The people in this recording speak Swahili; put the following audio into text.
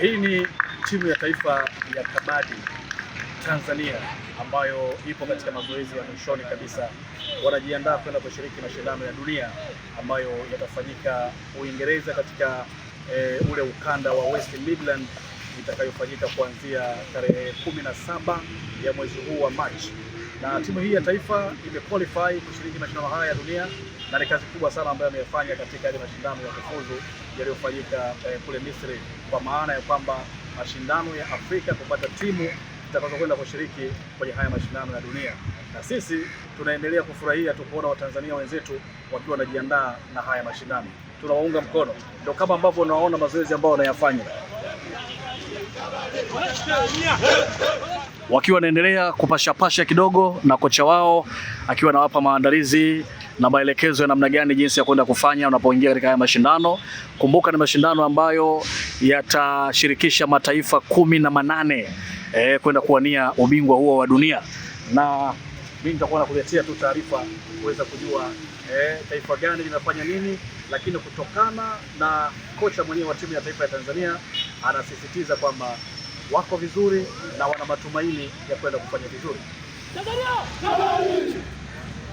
Hii ni timu ya taifa ya kabadi Tanzania ambayo ipo katika mazoezi ya mwishoni kabisa, wanajiandaa kwenda kushiriki mashindano ya dunia ambayo yatafanyika Uingereza katika e, ule ukanda wa West Midland itakayofanyika kuanzia tarehe kumi na saba ya mwezi huu wa Machi na timu hii ya taifa imequalify kushiriki mashindano haya ya dunia na ni kazi kubwa sana ambayo ameifanya katika yale mashindano ya kufuzu yaliyofanyika eh, kule Misri, kwa maana ya kwamba mashindano ya Afrika kupata timu zitakazokwenda kushiriki kwenye haya mashindano ya dunia, na sisi tunaendelea kufurahia tukuona Watanzania wenzetu wakiwa wanajiandaa na haya mashindano. Tunawaunga mkono, ndio kama ambavyo unawaona mazoezi ambayo wanayafanya wakiwa wanaendelea kupashapasha kidogo na kocha wao akiwa anawapa maandalizi na maelekezo ya namna gani jinsi ya kwenda kufanya unapoingia katika haya mashindano. Kumbuka ni mashindano ambayo yatashirikisha mataifa kumi na manane e, kwenda kuwania ubingwa huo wa dunia, na mimi nitakuwa nakuletea tu taarifa kuweza kujua e, taifa gani linafanya nini, lakini kutokana na kocha mwenyewe wa timu ya taifa ya Tanzania anasisitiza kwamba wako vizuri na wana matumaini ya kwenda kufanya vizuri.